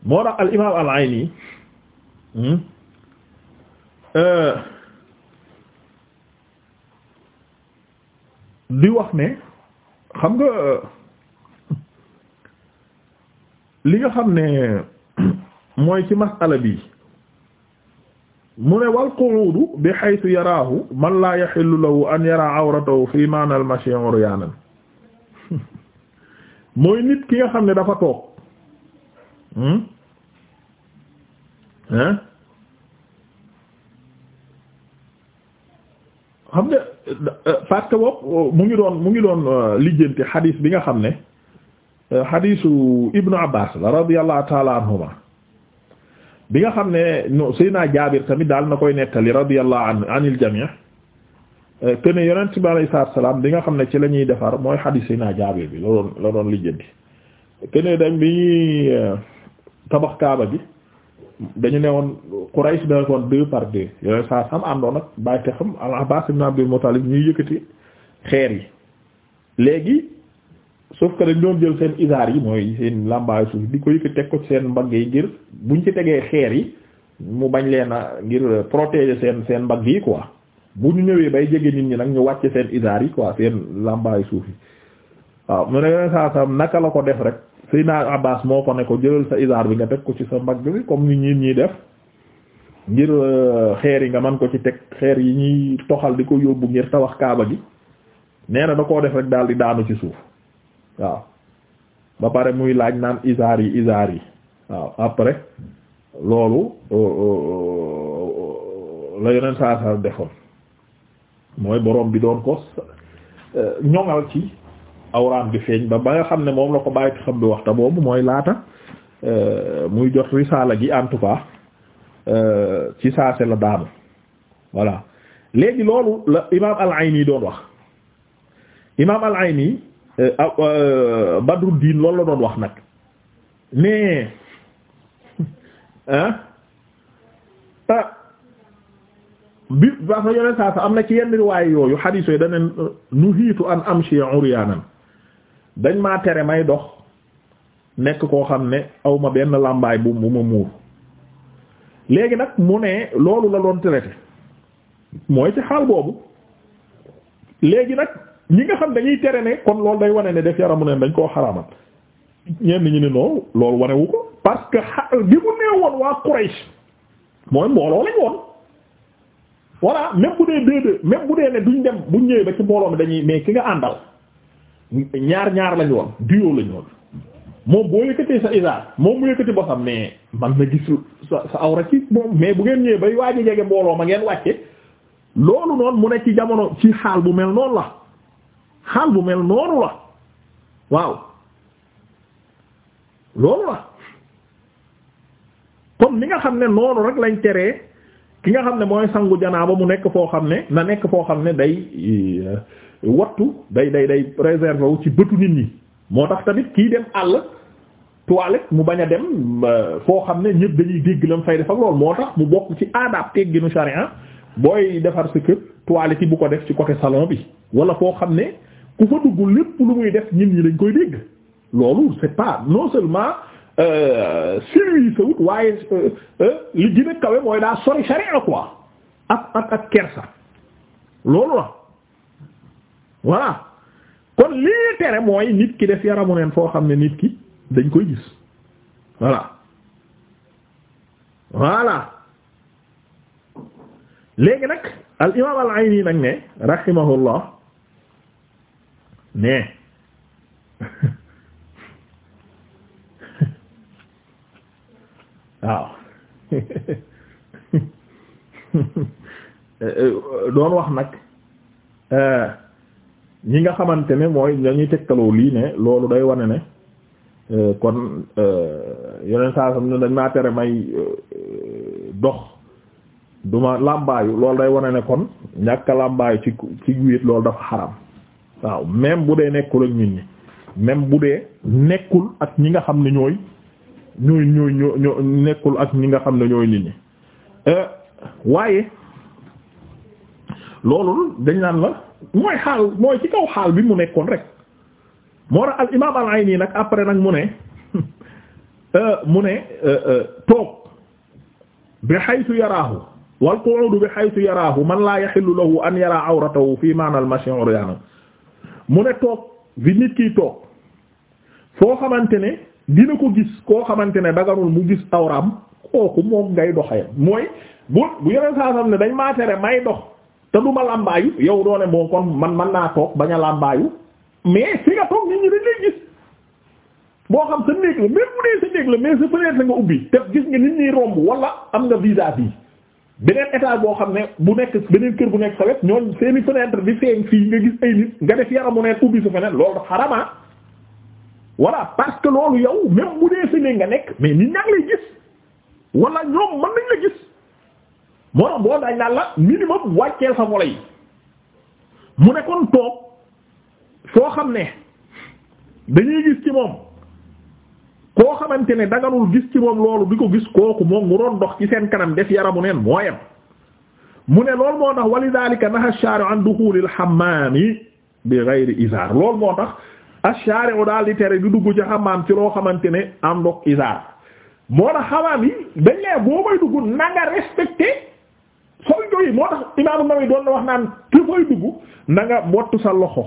moo tax al imaam al Ayni hmm, euh, di wax ne xam nga euh, li nga xam ne [COUGHS] mooy ci masala bi mu ne wal qu'udu bi haythu yaraahu man laa yahillu lahu an yara awratahu fi ma'na al mashi uryaanan [LAUGHS] mooy nit ki nga xam ne dafa toog hmm, hein xam nga euh, parce que bopp mu ngi doon mu ngi doon euh, lijjanti xadiis bi nga xam ne euh, xadiisu ibnu abbas la radiallahu taala anhuma bi nga xam ne no Seydina Jaabir tamit daal na koy nettali radiallahu an anil jamii te ne yonent bi alayhi salaam bi nga xam ne ci la ñuy defar mooy xadiis Seydina Jaabir bi la doon la doon lijjanti te ne dañ bi ñuy tabax kaaba gi dañu ne woon Quraysh da ko deux par deux yooyu saa sam àndoon ak bàyyi te xam al-Abbas ibn Abdul Muttalib ñuy yëkkati xeer yi léegi sauf que dañ doon jël seen isaar yi mooy seen làmbaayu suuf di ko yëkkati teg ko seen mbagg yi ngir buñ ci tegee xeer yi mu bañ leen a ngir protéger seen seen mbagg yi quoi bu ñu ñëwee bay jege nit ñi nag ñu wàcce seen isaar yi quoi seen làmbaayu suuf yi waaw mu ne yooyu saa sam naka la ko def rek Seydina Abbas moo ko ne ko jëlal sa isaar bi nga teg ko ci sa mbagg bi comme ni ñiin ñiy def ngir euh, xeer yi nga man ko ci teg xeer yi ñuy toxal di ko yóbbu ngir tawax kaaba gi nee na da koo def rek daal di daanu ci suuf waaw ba pare muy laaj naan isaar yi isaar yi waaw après loolu euh, euh, la yeneen saa saa defoon mooy borom bi doon ko ñoŋal ci awraam bi feeñ ba ba nga xam ne moom la ko bàyyi xam bi waxta boobu mooy laata euh, muy jot risaala gi en tout cas euh, ci saase la daanu voilà léegi loolu la imaam al-Ayni doon wax imaam al-Ayni euh, Badruddin loolu la doon wax nag mais ah bi ba fa yore saa sa am na ci yenn riwaay yooyu xadiis yooyu dañ ne nuhiitu an amshi uryanan dañ maa tere may dox nekk koo xam ne aw benn làmbaay bu bu ma muur léegi nag mu ne loolu la doon traité mooy ci xaal boobu léegi nag ñi nga xam dañuy tere ne kon loolu day wane ne def yaramu ne dañ koo xaraamal ñenn ñi ni noonu loolu wanewu ko parce que xaal bi mu nee woon waa Quraysh mooy mbooloo lañ woon voilà même bu dee deux deux même bu dee ne duñ dem buñ ñëwee ba ci mbooloo mi dañuy mais ki nga àndal. ñaar ñaar lañu woon duo lañu woon moom boo yëkkatee sa isaar moom mu yëkkati boo xam mais man na gis sa sa awra ci moom mais bu ngeen ñëwee bay waaji jege mbooloo ma ngeen wàcce loolu noonu mu nekk ci jamono ci xaal bu mel noonu la xaal bu mel noonu la waaw loolu la comme ni nga xam ne noonu rek lañ teree ki nga xam ne mooy sangu janaaba mu nekk foo xam ne na nekk foo xam ne day wattu day day day préserver wu ci bëtu nit ñi moo tax tamit kii dem àll toilette mu bañ a dem euh, foo xam ne ñëpp dañuy dégg lam fay def ak loolu moo tax mu bokk ci aadaab tegginu sharia booy defar sa kër toilette bu ko def ci côté salon bi wala foo xam ne ku fa dugg muy def nit ñi dañ koy dégg loolu c'est pas non seulement euh, service euh, kawe mooy daa sori sharia ak ak ak kersa voilà kon lii tere mooy nit ki def yaramu neen foo xam ne nit ki dañ koy gis voilà voilà léegi nag al imaam al Ayni nag ne rahimahullah ne [LAUGHS] waaw [LAUGHS] euh, euh, doon wax nag euh, ñi nga xamante ne mooy dañuy tegtaloo lii ne loolu day wane ne euh, kon euh, yeneen saa sam dañ maa tere may euh, dox duma làmbaayu loolu day wane ne kon ñàkk làmbaayu ci ci wéet loolu dafa xaram waaw même bu dee nekkul ak ñun ñi même bu dee nekkul ak ñi nga xam ne ñooy ñooy ñooy ñoo nekkul ak ñi nga xam ne ñooy nit ñi waaye loolu dañ naan la mooy xaal mooy ci kaw xaal bi mu nekkoon rek moo tax al imaam al Ayni nag après nag mu ne [LAUGHS] euh, ne euh, euh, toog bi haythu yaraahu wal qu'udu bi haythu yaraahu man laa yahillu lahu an yaraa awratahu fi ma'na al mashi mu ne toog bi nit kiy toog foo xamante ne dina ko gis koo xamante ne daganul mu gis awraam kooku moom ngay doxee mooy bu bu yeneen saa sam ne dañ maa tere may dox. te du làmbaayu yow doone bon kon man man naa toog bañ a làmbaayu mais fi nga toog nit ñi dañ lay gis boo xam sa néeg la même bu dee sa néeg la mais sa fenêtre ubbi te gis nga nit ñi romb wala am nga vis-à-vis beneen état boo xam ne bu nekk beneen kër bu nekk sa wet ñooñ seeni bi feeñ fii nga gis ay nit nga def yaramu neen ubbi sa fenêtre loolu dafa xaramaa voilà parce que loolu yow même bu dee sa néeg nga nekk mais nit ñaa lay gis wala ñoom man nañ la gis moo tax boo dañ naan la minimum wàcceel sa volets yi mu ne kon toog foo xam ne dañuy gis ci moom koo xamante ne daganul gis ci moom loolu di ko gis kooku moom mu doon dox ci seen kanam def yaramu neen mooyam mu ne loolu moo tax walidaalika naha ash-shari'u an duxulil hammaami bi ghayri izaar loolu moo daal di tere di dugg ci hammam ci loo xamante ne am ndox izaar moo tax hammam yi dañ lay boo may dugg respecté soldo yi moo tax imaamu Nawawi doon na wax naan te fooy dugg na sa loxo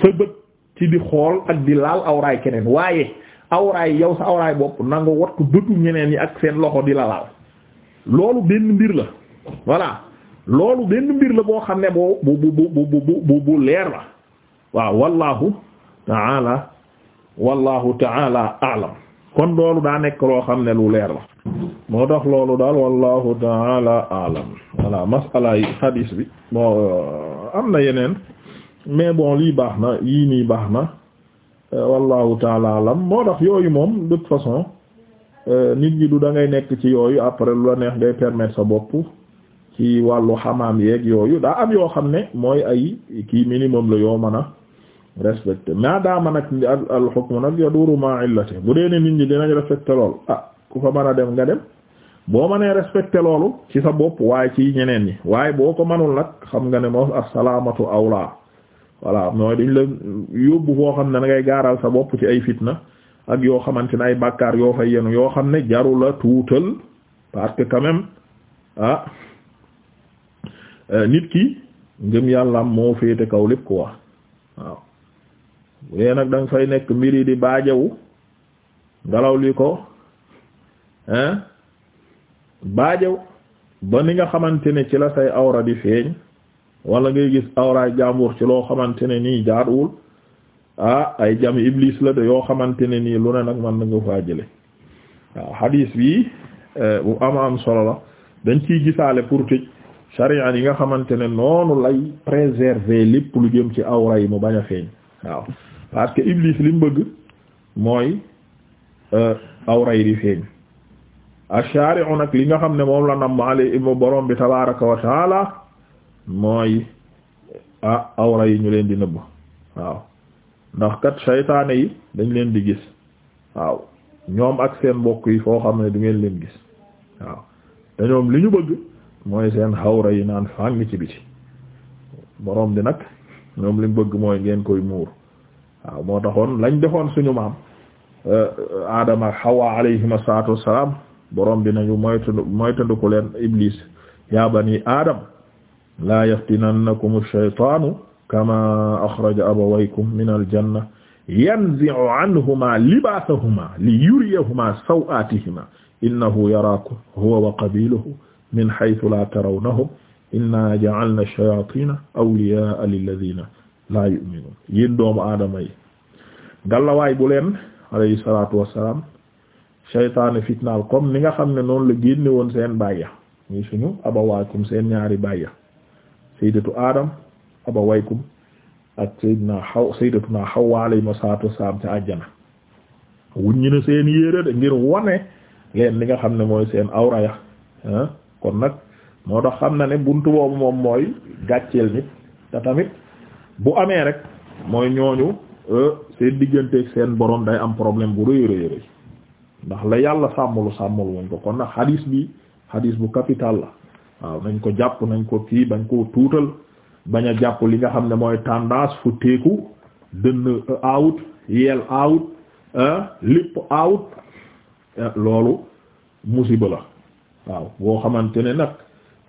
sa bët ci di xool ak di laal awraay keneen waaye awraay yow sa awraay bopp na nga bëtu ñeneen yi ak seen loxo di la laal loolu benn mbir la voilà loolu benn mbir la boo xam ne boo bu bu bu bu bu leer la waaw wallahu taala wallahu taala alam kon loolu daa nekk loo xam ne lu leer la moo tax loolu daal wallahu taala alam voilà masala yi hadis bi moo euh, am na yeneen mais bon lii baax na yii nii baax na euh, wallahu taala alam moo tax yooyu moom de toute façon euh, nit ñi du da ngay nekk ci yooyu après lu la neex ngay permettre sa bopp ci wàllu xamaam yeeg yooyu daa am yoo xam ne mooy ay kii minimum la yoo mën a respecté ma daa man ak al hukm nag yaduru ma illati bu dee ne nit ñi dinañ respecté lool ah ku fa mën a dem nga dem boo mënee respecté loolu ci sa bopp waaye ci ñeneen yi waaye boo ko manul nag xam nga ne moom asalaamatu awla voilà mooy dañ la yóbbu foo xam ne da gaaral sa bopp ci ay fitna ak yoo xamante ne ay bàkkaar yoo fay yenu yoo xam ne jarul la tuutal parce que quand ah, euh, nit ki ngëm yàlla moo féete kaw lépp ko wax waaw bu dee nag da fay nekk mbir yi di baajawu ngelaw lii ko. baajaw ba ni nga xamante ne ci la say awra di feeñ wala ngay gis awraay jàmbur ci loo xamante ne nii jaaduwul ah ay jam iblis la de yoo xamante ne nii lu ne nag man na nga faa jële waaw hadis bi eh, bu ama am solo la dañ ciy gisaale pour tëj charian yi nga xamante ne noonu lay préserver lépp lu jëm ci awra yi mu bañ a feeñ waaw parce que iblis li mu bëgg mooy eh, awra yi di feeñ ash-shari'u nag li nga xam ne moom la nam alay ima borom bi tabaraka wa taala mooy ah awra yi ñu leen di nëbb waaw ndax kat saytaane yi dañ leen di gis waaw ñoom ak seen mbokk yi foo xam ne du ngeen leen gis waaw te ñoom li ñu bëgg mooy xawra yi naan fàng ci biti borom ñoom li bëgg mooy ngeen koy muur waaw moo taxoon lañ defoon suñu maam euh, aadama ak xawa alayhima salaatu wassalaam borom bi nañu moytu moytandiku leen iblis ya bani adam la yaftinannakum ash-shaytanu kama akhraja abawaykum min al-janna yanzi'u anhuma libasahuma li yuriyahuma saw'atihima innahu yaraakum huwa wa qabiluhu min haythu la tarawnahum inna ja'alna ash-shayatina awliya'a lilladhina la yu'minun yéen doomu aadama yi gàllawaay bu leen alayhi salatu wassalam seytaane fitnaal comme ni nga xam ne noonu la génne woon seen bàyya muy suñu abawaakum seen ñaari bàyya saydatu adam abawaykum ak saydna xaw saydatuna xawwa alayhi salaatu wassalaam ca àjjana wuññi na seen yéere de ngir wane leen li nga xam ne mooy seen awra ya ah. kon nag moo tax xam na ne buntu boobu moom mooy gàcceel nit te tamit bu amee rek mooy ñooñu euh, seen digganteeg seen borom day am problème bu rëy rëy ndax la yàlla sàmmalu sàmmal wuñ ko kon nag xadiis bi xadiis bu capital la waaw nañ ko jàpp nañ ko kii bañ koo tuutal bañ a jàpp li nga xam ne mooy tendance fu teeku dënn awut yeel awut ah, lipp awut eh, loolu musiba la waaw boo xamante ne nag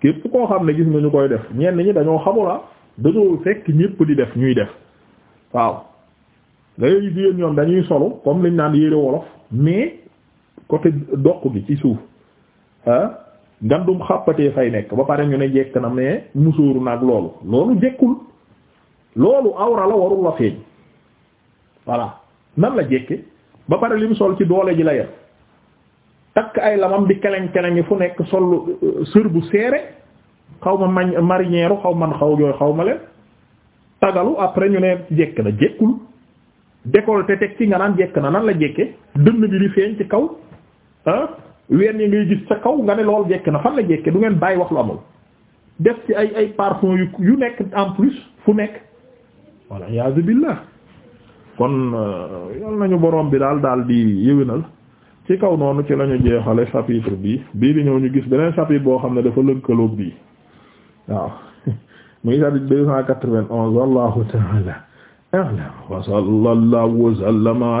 képp koo xam ne gis nga ñu koy def ñenn ñi dañoo xamula ah dañoo fekk ñépp di def ñuy def waaw dangay jigéen ñoom dañuy solu comme liñ naan yére wolof mais côté doq gi ci suuf ah ngandum xàppatee fay nekk ba pare ñu ne jekk na mais musóoru nag loolu loolu jekkul loolu awra la warul la feeñ voilà nan la jekke ba pare lim sol ci doole ji la yor takk ay lamam di keleng-kelengi fu nekk sol euh, sër bu seere xaw ma mañ marinière xaw man xaw yooyu xaw ma leen tagalu après ñu ne jekk na jekkul décolleté teg ci nga naan jekk na nan la jekke dënn bi di feeñ ci kaw ween yi ngay gis sa kaw nga ne loolu jekk na fan la jekke du ngeen bàyyi wax lu amul def ci ay ay parfum yu nekk en plus fu nekk walla iyaazu billaah kon euh, yal nañu borom bi daal daal di yëwénal ci kaw noonu ci lañu jeexale chapitre bi bii di ñëw ñu gis beneen chapitre boo xam ne dafa lënkaloog bii waaw [LAUGHS] muy chapitre deux cent quatre-vingt-onze wallahu ta'ala a'lam wa sallallahu wa sallama